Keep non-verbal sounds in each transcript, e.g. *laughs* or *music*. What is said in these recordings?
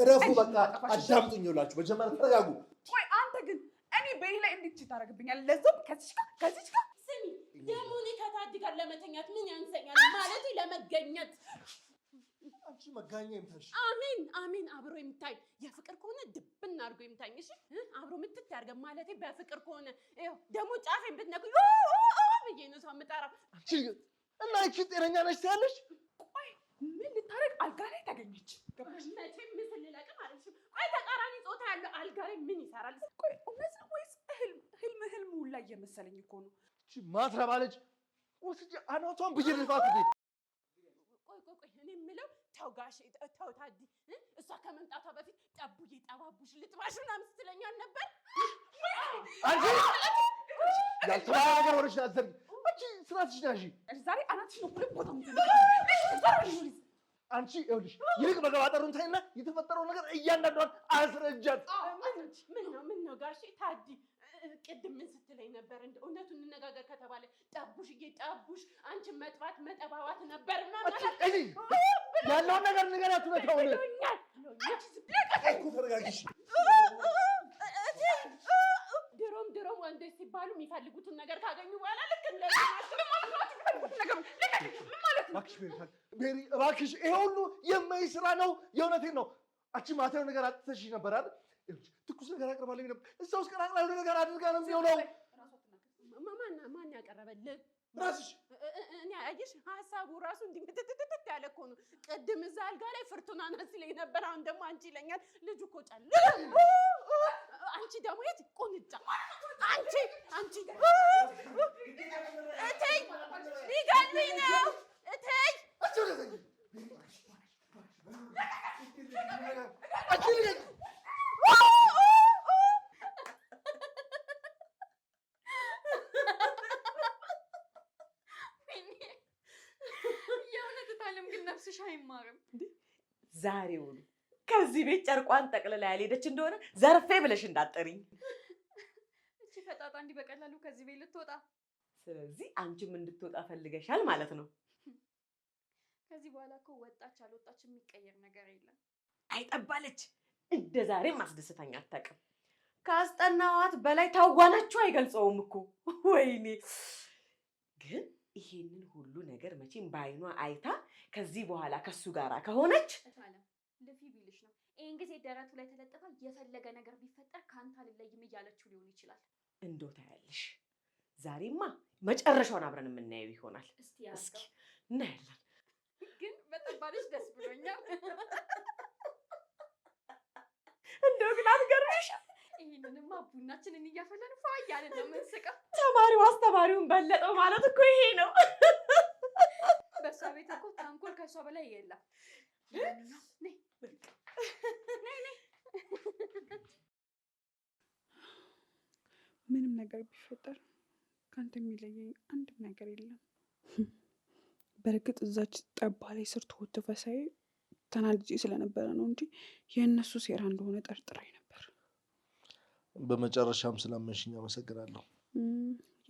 እረፉ። በቃ አዳምጡኝ እላችሁ መጀመሪያ ተረጋጉ። ቆይ አንተ ግን እኔ በእኔ ላይ እንዴት ታደርግብኛለህ? ለዛውም ከዚች ጋር ከዚች ጋር ስሚ ደግሞ እኔ ከታዲ ጋር ለመተኛት ምን ያንሰኛል? ማለት ለመገኘት አንቺ መጋኛ ይምታሽ። አሜን አሜን። አብሮ የምታይ የፍቅር ከሆነ ድብን አድርጎ ይምታኝ። እሺ አብሮ ምትት ያድርገን። ማለቴ በፍቅር ከሆነ ደግሞ ጫፌን ብትነግሪው ብዬሽ ነው ሰው የምጠራው። እና ይቺ ጤነኛ ነች ትያለሽ? ቆይ ምን ልታረግ አልጋ ላይ ተገኘች? መቼም ቆይ ተቃራኒ ፆታ ያለው አልጋ ላይ ምን ይሰራል? ቆይ እውነት ነው ወይስ ህልም? ህልም ሁላ እየመሰለኝ እኮ ነው። ይቺ ማትረባ ልጅ ወስጄ አናቷን ብዬ ልፋት ቆይ ቆይ ቆይ እኔ የምለው ተው ተው ታዲ፣ እሷ ከመምጣቷ በፊት ጠቡዬ ጠባቡሽ ልጥባሽ ምናምን ስትለኛል ነበር። ያልተባለ ነገር ሆነሽ አትዘርጊ አንቺ ስራትሽ ነሽ። ዛሬ አናትሽ ነው ሁለት ቦታ ይኸውልሽ፣ ይልቅ መገባጠሩን ታይና የተፈጠረው ነገር እያንዳንዷን አስረጃት። ምን ነው ጋሼ ታዲ ቅድም ምን ስትለኝ ነበር? እንደ እውነቱን እንነጋገር ከተባለ ጠቡሽ እዬ ጠቡሽ፣ አንቺን መጥባት መጠባባት ነበር ያለውን ነገር ንገሪያት። እውነታውን ደስ ሲባሉ የሚፈልጉትን ነገር ካገኙ በኋላ ልክ ቤሪ እባክሽ፣ ይሄ ሁሉ የማይ ስራ ነው። የእውነቴን ነው። አንቺ ማታው ነገር አጥተሽ ነበር አይደል? ትኩስ ነገር አቅርባለኝ ነበር እዛ ውስጥ ቀላቅላ ነገር አድርጋ ነው የሚሆነው። ማን ያቀረበልህ? ራስሽ እኔ አየሽ፣ ሀሳቡ ራሱ እንዲህ ምትትትት ያለ እኮ ነው። ቅድም እዛ አልጋ ላይ ፍርቱና ነስ ሲለኝ ነበር። አሁን ደግሞ አንቺ ይለኛል። ልጁ እኮ ጫል አንቺ ደግሞ የት ቁንጫ አንቺ አንቺ እቴ ይገልብኝ ጨርቋን ጠቅልላ ያልሄደች እንደሆነ ዘርፌ ብለሽ እንዳጠሪኝ። እቺ ፈጣጣ እንዲህ በቀላሉ ከዚህ ቤት ልትወጣ፣ ስለዚህ አንቺም እንድትወጣ ፈልገሻል ማለት ነው። ከዚህ በኋላ እኮ ወጣች አልወጣች የሚቀየር ነገር የለም። አይጠባለች እንደ ዛሬም አስደስተኛ አታውቅም። ከአስጠናዋት በላይ ታዋናችሁ አይገልጸውም እኮ ወይኔ። ግን ይሄንን ሁሉ ነገር መቼም በአይኗ አይታ ከዚህ በኋላ ከሱ ጋር ከሆነች ልፊ ቢልሽ ነው ይህን ጊዜ ደረቱ ላይ ተለጥፋ የፈለገ ነገር ቢፈጠር ከአንተ አልለይም እያለችው ሊሆን ይችላል። እንዶ ታያለሽ። ዛሬማ መጨረሻውን አብረን የምናየው ይሆናል። እስኪ እናያለን። ግን በጠባለች ደስ ብሎኛል። እንደው ግን አትገርምሽም? ይህንንማ ቡናችንን እያፈለን ፏ እያለን ነው የምንስቀው። ተማሪው አስተማሪውን በለጠው ማለት እኮ ይሄ ነው። በእሷ ቤት እኮ ተንኮል ከእሷ በላይ የለም። ምንም ነገር ቢፈጠር ከአንተ የሚለየኝ አንድም ነገር የለም። በእርግጥ እዛች ጠባ ላይ ስር ተወትፈ ሳይ ተናድጄ ስለነበረ ነው እንጂ የእነሱ ሴራ እንደሆነ ጠርጥሬ ነበር። በመጨረሻም ስላመንሽኝ አመሰግናለሁ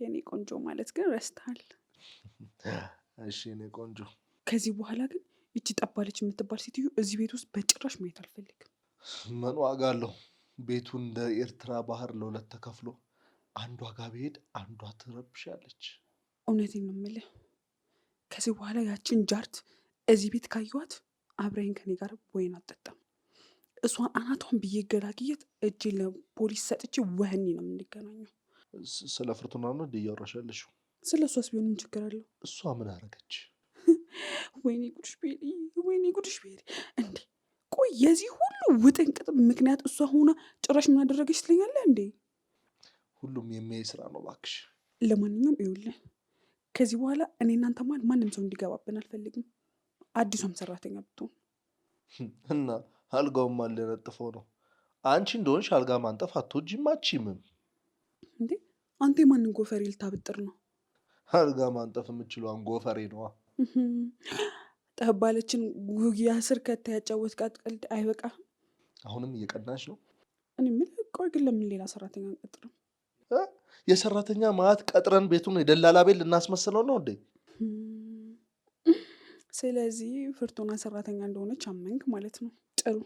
የኔ ቆንጆ። ማለት ግን ረስተሃል። እሺ የኔ ቆንጆ፣ ከዚህ በኋላ ግን ይቺ ጠባለች የምትባል ሴትዮ እዚህ ቤት ውስጥ በጭራሽ ማየት አልፈልግም። ምን ዋጋ አለው? ቤቱ እንደ ኤርትራ ባህር ለሁለት ተከፍሎ አንዷ ጋ ብሄድ አንዷ ትረብሻለች። እውነቴን ነው የምልህ። ከዚህ በኋላ ያችን ጃርት እዚህ ቤት ካየኋት አብረኸኝ ከኔ ጋር ወይን አጠጣም። እሷን አናቷን ብዬ ገላግየት እጅ ለፖሊስ ሰጥቼ ወህኒ ነው የምንገናኘው። ስለ ፍርቱና ነው እያወራሽ ስለ እሷስ ቢሆን ምን ችግር አለው? እሷ ምን አረገች? ወይኔ ጉድሽ ቤሪ፣ ወይኔ ጉድሽ ቤሪ። እንዴ ቆይ የዚህ ሁሉ ውጥንቅጥ ምክንያት እሷ ሆና ጭራሽ ምናደረገች ትለኛለ እንዴ? ሁሉም የሚያይ ስራ ነው እባክሽ። ለማንኛውም ይውልን ከዚህ በኋላ እኔ እናንተ ማለት ማንም ሰው እንዲገባብን አልፈልግም። አዲሷም ሰራተኛ ብትሆን እና አልጋውም አልነጥፈው ነው። አንቺ እንደሆንሽ አልጋ ማንጠፍ አትወጂም አትችይምም። እንዴ አንተ የማንን ጎፈሬ ልታብጥር ነው? አልጋ ማንጠፍ የምችለው ጎፈሬ ነዋ። *gasps* ጠባለችን ጉጊ አስር ከታ ያጫወትካት ቀልድ አሁንም እየቀናች ነው። እኔ ቆይ ግን ለምን ሌላ ሰራተኛ አንቀጥርም? የሰራተኛ ማት ቀጥረን ቤቱን የደላላ ቤት ልናስመስለው ነው እንዴ? *gasps* ስለዚህ ፍርቱና ሰራተኛ እንደሆነች አመንክ ማለት ነው። ጥሩ።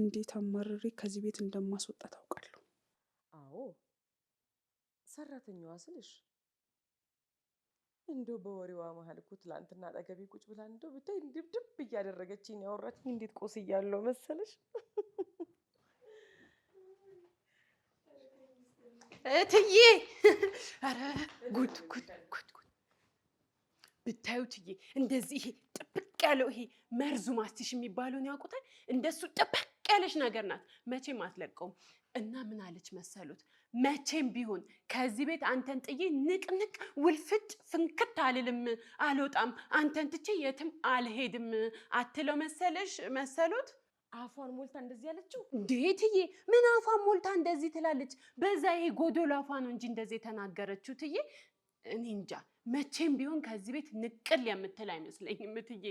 እንዴት አማርሬ ከዚህ ቤት እንደማስወጣ ታውቃለሁ። አዎ ሰራተኛዋ ስልሽ እንዶ በወሬዋ መሀል እኮ ትላንትና አጠገቤ ቁጭ ብላ እንዶ ብታይ ድብድብ እያደረገችኝ ያወራችኝ እንዴት ቆስ እያለው መሰለሽ እትዬ። ኧረ ጉድ ጉድ ጉድ ጉድ ብታዩ እትዬ፣ እንደዚህ ይሄ ጥብቅ ያለው ይሄ መርዙ ማስቲሽ የሚባለውን ያውቁታል። እንደሱ ጥብቅ ያለች ነገር ናት፣ መቼም አትለቀውም። እና ምን አለች መሰሉት መቼም ቢሆን ከዚህ ቤት አንተን ጥዬ ንቅንቅ ውልፍጭ ፍንክት አልልም፣ አልወጣም፣ አንተን ትቼ የትም አልሄድም አትለው መሰለሽ መሰሉት። አፏን ሞልታ እንደዚህ ያለችው እንዴትዬ ምን አፏን ሞልታ እንደዚህ ትላለች? በዛ ይሄ ጎዶሎ አፏ ነው እንጂ እንደዚህ የተናገረችው ትዬ እኔ እንጃ። መቼም ቢሆን ከዚህ ቤት ንቅል የምትል አይመስለኝም እትዬ።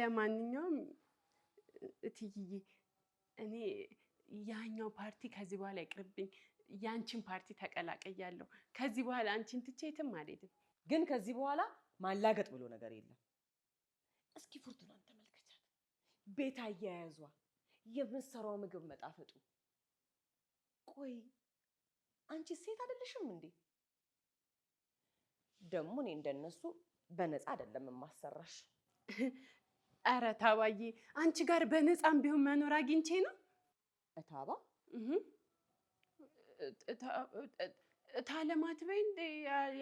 ለማንኛውም እትዬ እኔ ያኛው ፓርቲ ከዚህ በኋላ ይቅርብኝ፣ ያንቺን ፓርቲ ተቀላቀያለሁ፣ ከዚህ በኋላ አንቺን ትቼ የትም አልሄድም። ግን ከዚህ በኋላ ማላገጥ ብሎ ነገር የለም። እስኪ ፉርቱናን ተመልከቻት፣ ቤት አያያዟ፣ የምትሰራው ምግብ መጣፈጡ። ቆይ አንቺ ሴት አይደለሽም እንዴ? ደግሞ እኔ እንደነሱ በነፃ አይደለም የማሰራሽ። *laughs* ኧረ ታባዬ፣ አንቺ ጋር በነፃም ቢሆን መኖር አግኝቼ ነው እታባ እታለማት በይ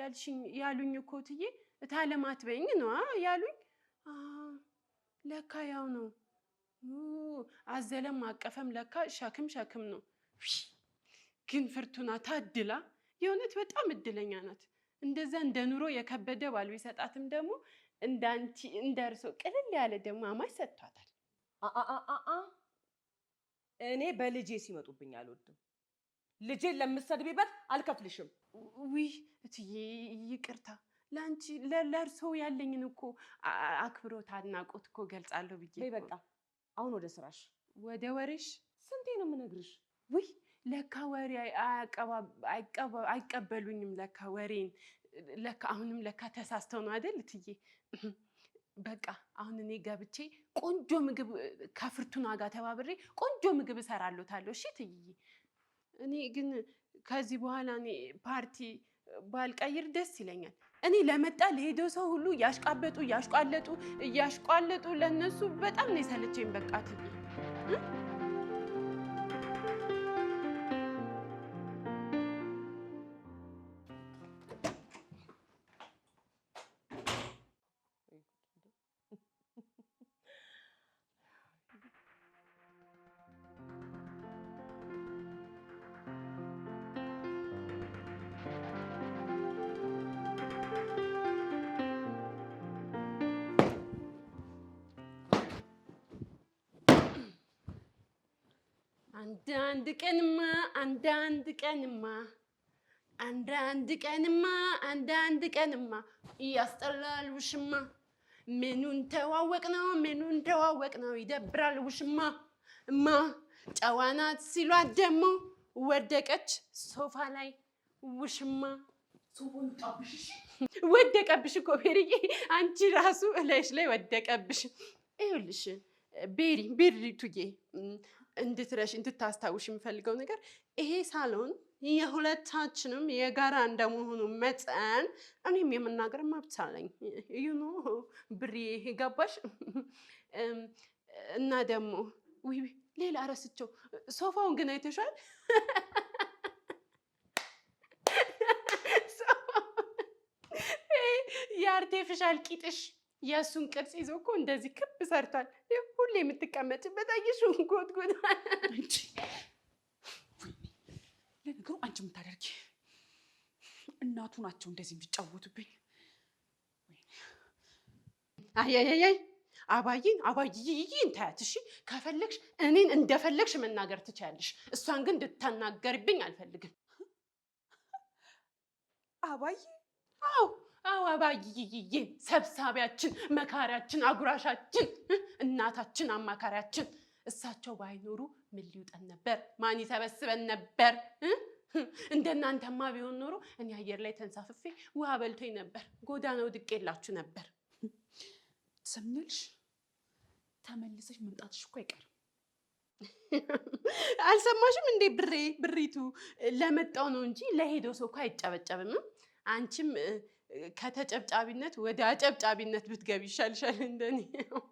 ያልሽኝ ያሉኝ እኮ ትዬ እታለማት በይኝ ነው ያሉኝ። ለካ ያው ነው አዘለም አቀፈም ለካ ሸክም ሸክም ነው። ግን ፍርቱና ታድላ የእውነት በጣም እድለኛ ናት። እንደዛ እንደ ኑሮ የከበደ ባል ቢሰጣትም ደግሞ እንዳንቺ እንደርሶ ቅልል ያለ ደግሞ አማች ሰጥቷታል። እኔ በልጄ ሲመጡብኝ አልወድም። ልጄን ለምትሰድቢበት አልከፍልሽም። ውይ እትዬ ይቅርታ፣ ለአንቺ ለእርሰው ያለኝን እኮ አክብሮት አድናቆት እኮ ገልጻለሁ ብዬ በቃ። አሁን ወደ ስራሽ ወደ ወሬሽ። ስንቴ ነው የምነግርሽ? ውይ ለካ ወሬ አይቀበሉኝም። ለካ ወሬን ለካ አሁንም ለካ ተሳስተው ነው አይደል እትዬ በቃ አሁን እኔ ገብቼ ቆንጆ ምግብ ከፍርቱና ጋር ተባብሬ ቆንጆ ምግብ እሰራለታለሁ። እሺ ትይዬ፣ እኔ ግን ከዚህ በኋላ እኔ ፓርቲ ባልቀይር ደስ ይለኛል። እኔ ለመጣ ለሄደው ሰው ሁሉ እያሽቃበጡ እያሽቋለጡ እያሽቋለጡ ለነሱ በጣም ነው የሰለቸኝ። በቃ ትይዬ አንዳንድ ቀንማ አንዳንድ ቀንማ አንዳንድ ቀንማ አንዳንድ ቀንማ እያስጠላል ውሽማ። ምኑን ተዋወቅ ነው ምኑን ተዋወቅ ነው ይደብራል ውሽማ። እማ ጨዋናት ሲሏት ደግሞ ወደቀች ሶፋ ላይ ውሽማ። ወደቀብሽ እኮ ቤሪዬ፣ አንቺ ራሱ እላይሽ ላይ ወደቀብሽ። ይኸውልሽ ቤሪ ቤሪቱዬ እንድትረሽ እንድታስታውሽ የምፈልገው ነገር ይሄ ሳሎን የሁለታችንም የጋራ እንደመሆኑ መጠን እኔም የመናገር መብት አለኝ። ዩኖ ብሬ ገባሽ? እና ደግሞ ውይ ሌላ ረስቸው ሶፋውን ግን አይተሻል? የአርቴፊሻል ቂጥሽ የእሱን ቅርጽ ይዞ እኮ እንደዚህ ክብ ሰርቷል። ሁሌ የምትቀመጭበት አየሽው። ጎትጎት ለነገሩ አንቺ የምታደርጊ እናቱ ናቸው እንደዚህ የሚጫወቱብኝ። አያያያይ አባይን አባይይይ እንታያት። እሺ ከፈለግሽ እኔን እንደፈለግሽ መናገር ትችያለሽ። እሷን ግን እንድታናገርብኝ አልፈልግም። አባይ አዎ አባዬ ሰብሳቢያችን፣ መካሪያችን፣ አጉራሻችን፣ እናታችን፣ አማካሪያችን እሳቸው ባይኖሩ ምን ሊውጠን ነበር? ማን ይሰበስበን ነበር? እንደናንተማ ቢሆን ኖሮ እኔ አየር ላይ ተንሳፍፌ ውሃ በልቶኝ ነበር። ጎዳናው ድቄላችሁ ነበር። ትሰምኛለሽ? ተመልሰሽ መምጣትሽ እኮ አይቀርም። አልሰማሽም እንዴ? ብሬ ብሪቱ ለመጣው ነው እንጂ ለሄደው ሰው እኮ አይጨበጨብም። አንቺም ከተጨብጫቢነት ወደ አጨብጫቢነት ብትገቢ ይሻልሻል። እንደኔ ደግሞ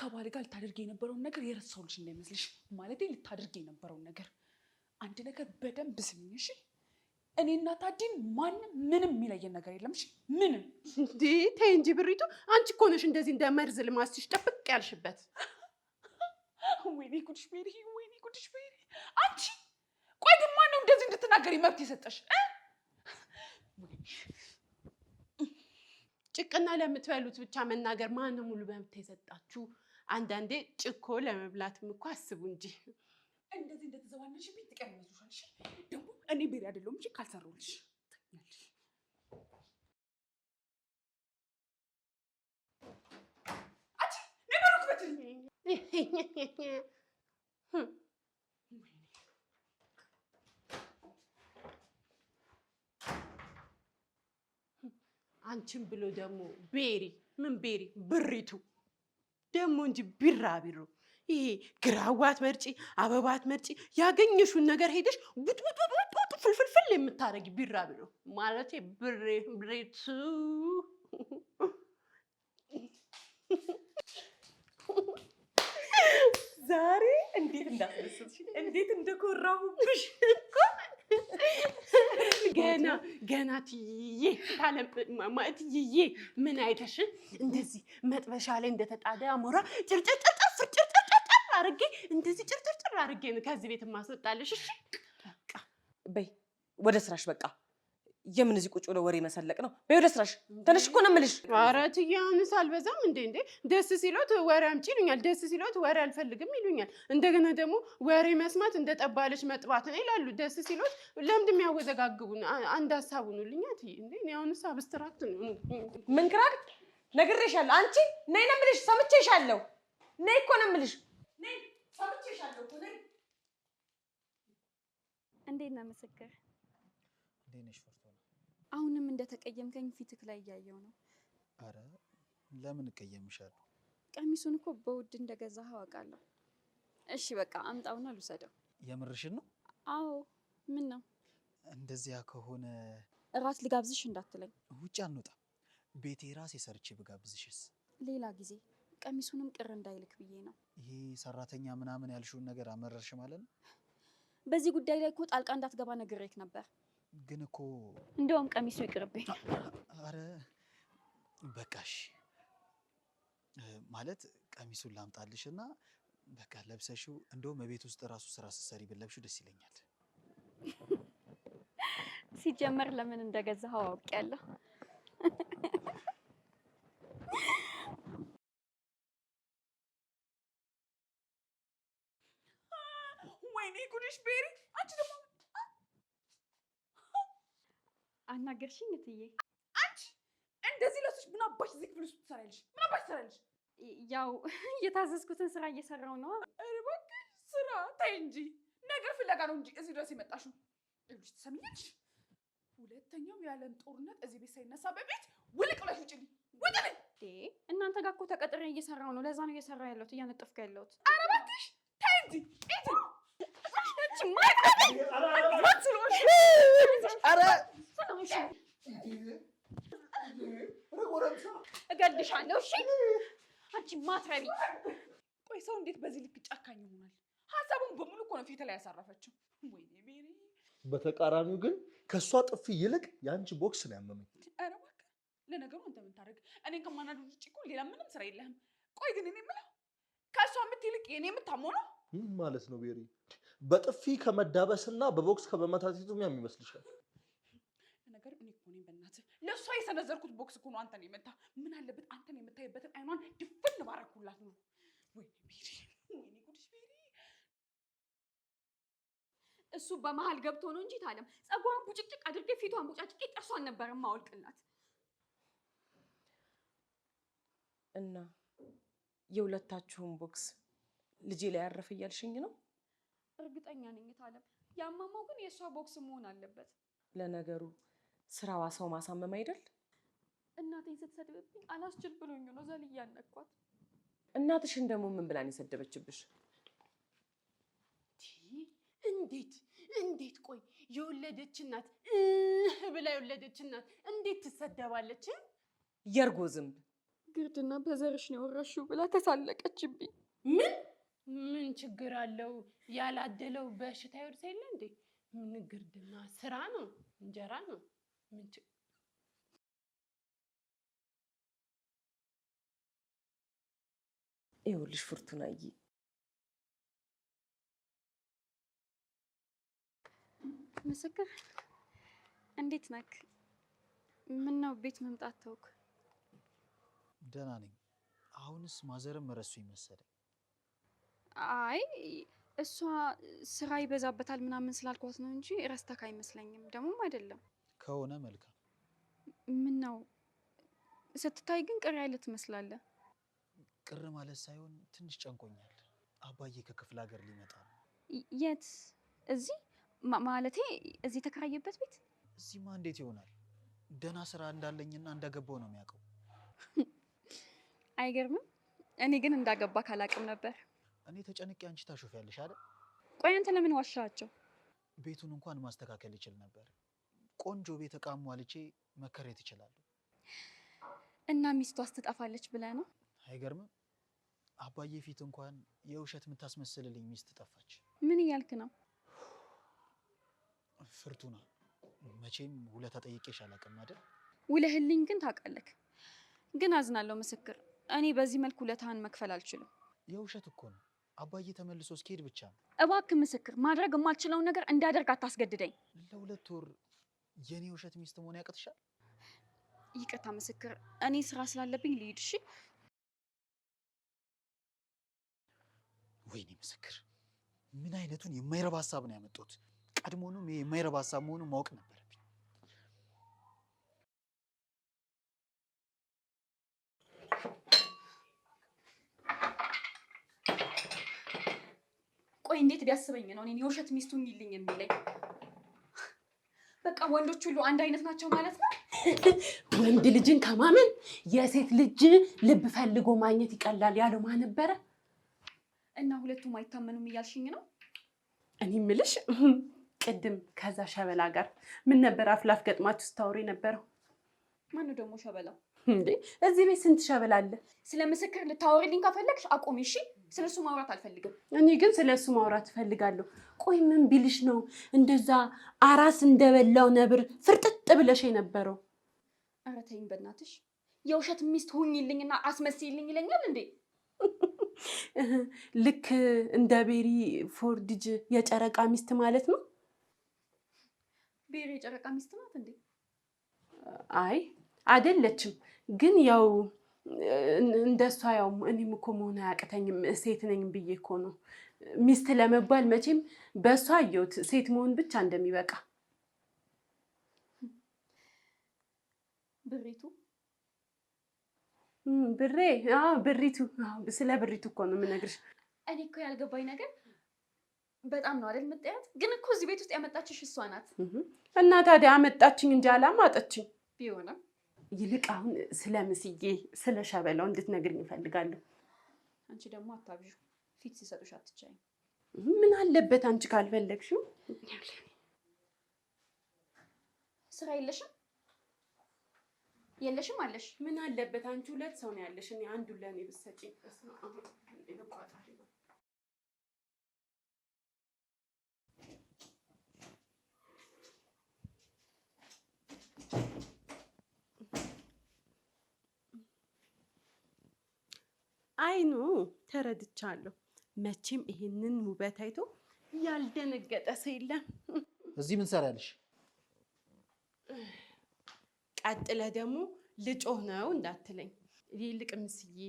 ከባል ጋር ልታደርግ የነበረውን ነገር ልጅ እንዳይመስልሽ። ማለት ልታደርግ የነበረውን ነገር አንድ ነገር በደንብ ስሚኝ እሺ። እኔ እና ታዲን ማንም ምንም የሚለየን ነገር የለም። እሺ ምንም እንዲ ተይ እንጂ ብሪቱ፣ አንቺ እኮ ነሽ እንደዚህ እንደ መርዝ ልማስሽ ጠብቅ ያልሽበት። ወይኔ ጉድሽ ቤሪ፣ ወይኔ ጉድሽ ቤሪ። አንቺ ቆይ ግን ማነው እንደዚህ እንድትናገሪ መብት የሰጠሽ? ጭቅና ለምትበሉት ብቻ መናገር ማነው ሙሉ መብት የሰጣችሁ? አንዳንዴ ጭኮ ለመብላትም እኮ አስቡ እንጂ። እንደዚህ እንደተዘባነሽ ቤት ደግሞ እኔ ቤሪ አይደለሁም እንጂ ካልሰራሁልሽ *laughs* አንቺን ብሎ ደግሞ ቤሪ ምን ቤሪ ብሪቱ ደግሞ እንጂ ቢራቢሮ ይሄ ግራዋት መርጪ አበባት መርጪ ያገኘሽውን ነገር ሄደሽ ቡጥቡጥቡጥ ፍልፍልፍል የምታደርጊ ቢራቢሮ ማለት ብሬቱ። ዛሬ እንዴት እንዳስደሰትሽ እንዴት እንደኮራሁብሽ ገና ገና ትይዬ ታለማ ትይዬ ምን አይተሽ እንደዚህ መጥበሻ ላይ እንደተጣደ አሞራ ጭርጭርጭር ጭርጭርጭር አርጌ እንደዚህ ጭርጭርጭር አርጌ ከዚህ ቤት ማስወጣለሽ። እሺ በይ ወደ ስራሽ በቃ የምን እዚህ ቁጭ ብሎ ወሬ መሰለቅ ነው? በይ ወደ ስራሽ ተነሽ እኮ ነው የምልሽ። ኧረ ትዬ አሁንስ አልበዛም እንዴ? እንዴ ደስ ሲሎት ወሬ አምጪ ይሉኛል፣ ደስ ሲሎት ወሬ አልፈልግም ይሉኛል። እንደገና ደግሞ ወሬ መስማት እንደ ጠባለች መጥባት ነው ይላሉ። ደስ ሲሎት ለምንድ የሚያወዘጋግቡን? አንድ ሀሳብ ሁኑልኛ ትዬ። እንዴ አሁንስ አብስትራክት ነው። ምን ክራክት ነግሬሻለሁ። አንቺ ነይ ነው የምልሽ። ሰምቼሻለሁ። ነይ እኮ ነው የምልሽ። እንዴት ነው ምስክር እንዴት ነሽ ፎርቱና? አሁንም እንደተቀየምከኝ ፊትክ ላይ እያየው ነው። አረ ለምን እቀየምሻለሁ? ቀሚሱን እኮ በውድ እንደገዛ አውቃለሁ። እሺ በቃ አምጣውና ልውሰደው። የምርሽን ነው? አዎ። ምን ነው እንደዚያ ከሆነ እራት ልጋብዝሽ እንዳትለኝ። ውጭ አንወጣም። ቤቴ ራሴ ሰርቼ ብጋብዝሽስ? ሌላ ጊዜ ቀሚሱንም ቅር እንዳይልክ ብዬ ነው። ይሄ ሰራተኛ ምናምን ያልሽውን ነገር አመረርሽ ማለት ነው። በዚህ ጉዳይ ላይ እኮ ጣልቃ እንዳትገባ ነግሬክ ነበር። ግን እኮ እንደውም ቀሚሱ ይቅርብኝ። አረ በቃሽ። ማለት ቀሚሱን ላምጣልሽ እና በቃ ለብሰሽው፣ እንደውም በቤት ውስጥ እራሱ ስራ ስትሰሪ ብለብሽው ደስ ይለኛል። ሲጀመር ለምን እንደገዛኸው አውቄያለሁ። ወይኔ ጉድሽ ቤሪ፣ አንቺ ደግሞ አናገርሽኝ እትዬ? አንቺ እንደዚህ ለሱሽ ምን አባሽ እዚህ ክፍል ውስጥ ትሰሪያለሽ? ምን አባሽ ትሰሪያለሽ? ያው *laughs* የታዘዝኩትን ስራ እየሰራው ነው። ኧረ እባክሽ ስራ ተይ እንጂ፣ ነገር ፍለጋ ነው እንጂ እዚህ ድረስ የመጣሽው። ልጅ ትሰሚያለሽ? ሁለተኛው የዓለም ጦርነት እዚህ ቤት ሳይነሳ በቤት ውልቅ ብለሽ ውጭልኝ፣ ውጭልኝ። እናንተ ጋር እኮ ተቀጥሬ እየሰራው ነው። ለዛ ነው እየሰራ ያለሁት፣ እያነጠፍኩ ያለሁት። ኧረ እባክሽ ተይ እንጂ ኧረ እገድሻለሁ። እሺ አንቺ ማትረቢ። ቆይ ሰው እንዴት በዚህ ልክ ጫካኝ ይሆናል? ሀሳቡን በሙሉ እኮ ነው ፊት ላይ ያሳረፈችው። ወይኔ ቤሪ። በተቃራኒው ግን ከእሷ ጥፊ ይልቅ የአንቺ ቦክስ ነው ያመመኝ። ኧረ እባክህ፣ ለነገሩ አንተ ምን ታደርግ? እኔን ከማናደድ ውጭ እኮ ሌላ ምንም ስራ የለህም። ቆይ ግን እኔ የምለው ከእሷ ምት ይልቅ የእኔ የምታሞ ነው ምን ማለት ነው ቤሪ? በጥፊ ከመዳበስና በቦክስ ከመመታቴቱ የሚያም ይመስልሻል? ለእሷ የሰነዘርኩት ቦክስ እኮ ነው አንተን የመታ። ምን አለበት አንተን የምታይበትን አይኗን ድፍን ባረኩላት ኑሮ። ወይኔ ቤሪ፣ ወይኔ ጉድሽ ቤሪ። እሱ በመሀል ገብቶ ነው እንጂ ታለም ጸጉሯን ቡጭቅጭቅ አድርጌ ፊቷን ቡጫጭቄ ጥርሷን ነበር ማወልቅላት እና የሁለታችሁን ቦክስ ልጄ ላይ ያረፈ እያልሽኝ ነው? እርግጠኛ ነኝ ታለም። ያማማው ግን የእሷ ቦክስ መሆን አለበት። ለነገሩ ስራዋ ሰው ማሳመም አይደል? እናቴን ስትሰድብብኝ አላስችል ብሎኝ ነው ዘል እያነኳት። እናትሽን ደግሞ ምን ብላን የሰደበችብሽ? እንዴት እንዴት? ቆይ የወለደች እናት ብላ የወለደች እናት እንዴት ትሰደባለች? የእርጎ ዝንብ ግርድና በዘርሽ ነው የወረሽው ብላ ተሳለቀችብኝ። ምን ምን ችግር አለው? ያላደለው በሽታ ይወርሰ እንዴ? ምን ግርድና ስራ ነው፣ እንጀራ ነው። ምንጭ ይኸውልሽ ፍርቱናዬ ምስክር እንዴት ነክ? ምን ነው ቤት መምጣት ተውክ? ደህና ነኝ። አሁንስ ማዘርም እረሱ ይመሰለኝ። አይ እሷ ስራ ይበዛበታል ምናምን ስላልኳት ነው እንጂ ረስተካ አይመስለኝም። ደግሞም አይደለም ከሆነ መልካም። ምን ነው ስትታይ ግን ቅር ያለ ትመስላለህ። ቅር ማለት ሳይሆን ትንሽ ጨንቆኛል። አባዬ ከክፍለ ሀገር ሊመጣ ነው። የት? እዚህ ማለቴ እዚህ ተከራየበት ቤት። እዚህማ እንዴት ይሆናል? ደህና ስራ እንዳለኝና እንደገባው ነው የሚያውቀው። አይገርምም። እኔ ግን እንዳገባ ካላቅም ነበር። እኔ ተጨንቄ አንቺ ታሾፊያለሽ አይደል? ቆይ አንተ ለምን ዋሻቸው? ቤቱን እንኳን ማስተካከል ይችል ነበር። ቆንጆ ቤት እቃ ሟልቼ መከሬት እችላለሁ። እና ሚስቱ አስተጣፋለች ብለህ ነው? አይገርምም። አባዬ ፊት እንኳን የውሸት የምታስመስልልኝ ሚስት ጠፋች። ምን እያልክ ነው? ፍርቱና፣ መቼም ውለታ ጠይቄሽ አላውቅም አይደል? ውለህልኝ ግን ታውቃለህ። ግን አዝናለሁ ምስክር፣ እኔ በዚህ መልክ ውለታህን መክፈል አልችልም። የውሸት እኮ ነው። አባዬ ተመልሶ እስኪሄድ ብቻ ነው። እባክህ ምስክር፣ ማድረግ የማልችለውን ነገር እንዳደርግ አታስገድደኝ። ለሁለት ወር የኔ ውሸት ሚስት መሆን ያቅትሻል? ይቅርታ ምስክር፣ እኔ ስራ ስላለብኝ ልሂድ። እሺ። ወይኔ ምስክር፣ ምን አይነቱን የማይረባ ሀሳብ ነው ያመጡት? ቀድሞውንም የማይረባ ሀሳብ መሆኑን ማወቅ ነበረብኝ። ቆይ እንዴት ቢያስበኝ ነው እኔን የውሸት ሚስቱ ይልኝ የሚለኝ? በቃ ወንዶች ሁሉ አንድ አይነት ናቸው ማለት ነው። ወንድ ልጅን ከማመን የሴት ልጅ ልብ ፈልጎ ማግኘት ይቀላል ያለው ማን ነበረ? እና ሁለቱም አይታመኑም እያልሽኝ ነው? እኔ ምልሽ ቅድም ከዛ ሸበላ ጋር ምን ነበር አፍላፍ ገጥማችሁ ስታወሩ የነበረው? ማነው ደግሞ ሸበላው? እንዴ እዚህ ቤት ስንት ሸበላ ስለ ምስክር ልታወሪልኝ ከፈለግሽ አቁሚ። እሺ፣ ስለ እሱ ማውራት አልፈልግም። እኔ ግን ስለ እሱ ማውራት እፈልጋለሁ። ቆይ ምን ቢልሽ ነው እንደዛ አራስ እንደበላው ነብር ፍርጥጥ ብለሽ የነበረው? ኧረ ተይኝ በእናትሽ። የውሸት ሚስት ሁኝልኝና አስመስይልኝ ይለኛል እንዴ? ልክ እንደ ቤሪ ፎርድጅ የጨረቃ ሚስት ማለት ነው። ቤሪ የጨረቃ ሚስት ናት እንዴ? አይ አይደለችም። ግን ያው እንደሷ ያው እኔም እኮ መሆን አያቅተኝም ሴት ነኝ ብዬ እኮ ነው ሚስት ለመባል መቼም በእሷ አየሁት ሴት መሆን ብቻ እንደሚበቃ። ብሪቱ ብሬ ብሪቱ፣ ስለ ብሪቱ እኮ ነው የምነግርሽ። እኔ እኮ ያልገባኝ ነገር በጣም ነው አይደል የምትጠያት? ግን እኮ እዚህ ቤት ውስጥ ያመጣችሽ እሷ ናት። እና ታዲያ አመጣችኝ እንጂ አላማጣችኝ ቢሆንም ይልቅ አሁን ስለ ምስዬ ስለ ሸበላው እንድትነግሪኝ እፈልጋለሁ። አንቺ ደግሞ አታብዥ፣ ፊት ሲሰጡሽ አትቻይም። ምን አለበት አንቺ ካልፈለግሽው። ስራ የለሽም የለሽም አለሽ። ምን አለበት አንቺ ሁለት ሰው ነው ያለሽ። እኔ አንዱን ለእኔ ብትሰጪኝ አይኑ ተረድቻለሁ። መቼም ይሄንን ውበት አይቶ ያልደነገጠ ሰው የለም። እዚህ ምን ሰራልሽ? ቀጥለ ደግሞ ልጮህ ነው እንዳትለኝ። ይልቅ ምስዬ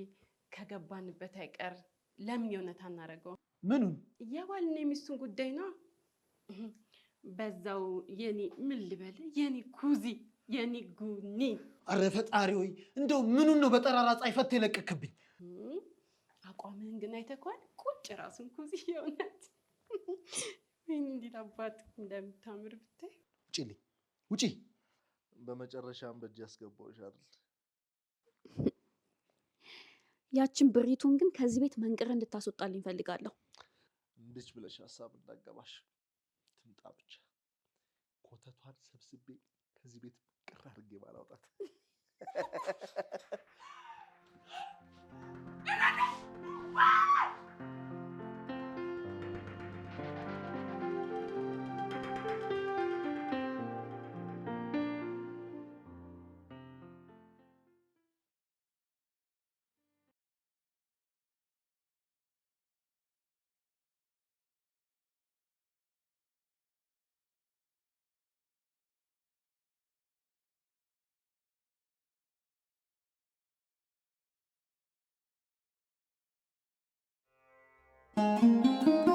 ከገባንበት አይቀር ለምን የእውነት አናደርገው? ምኑን? የባልን የሚስቱን ጉዳይ ነው። በዛው የኔ ምን ልበል፣ የኔ ኩዚ፣ የኔ ጉኒ። አረ ፈጣሪ ሆይ፣ እንደው ምኑን ነው በጠራራ ፀሐይ ፈት የለቀክብኝ? አቋምህን ግን አይተኳል ከሆነ ቁጭ ራሱን ኩዚ የእውነት ወይኔ እንዴት አባት እንደምታምር ብታይ። ውጭልኝ ውጪ። በመጨረሻም በእጅ ያስገባዎች አይደል? ያችን ብሪቱን ግን ከዚህ ቤት መንቅር እንድታስወጣልኝ እፈልጋለሁ። እንድች ብለሽ ሀሳብ እንዳገባሽ ትምጣ ብቻ። ኮተቷን ሰብስቤ ከዚህ ቤት ቅር አድርጌ ባላውጣት Thank you.